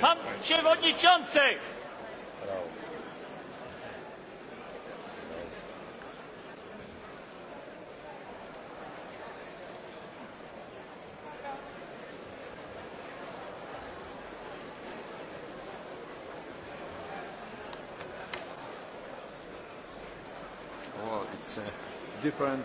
Pan przewodniczący! Oh, it's a uh, different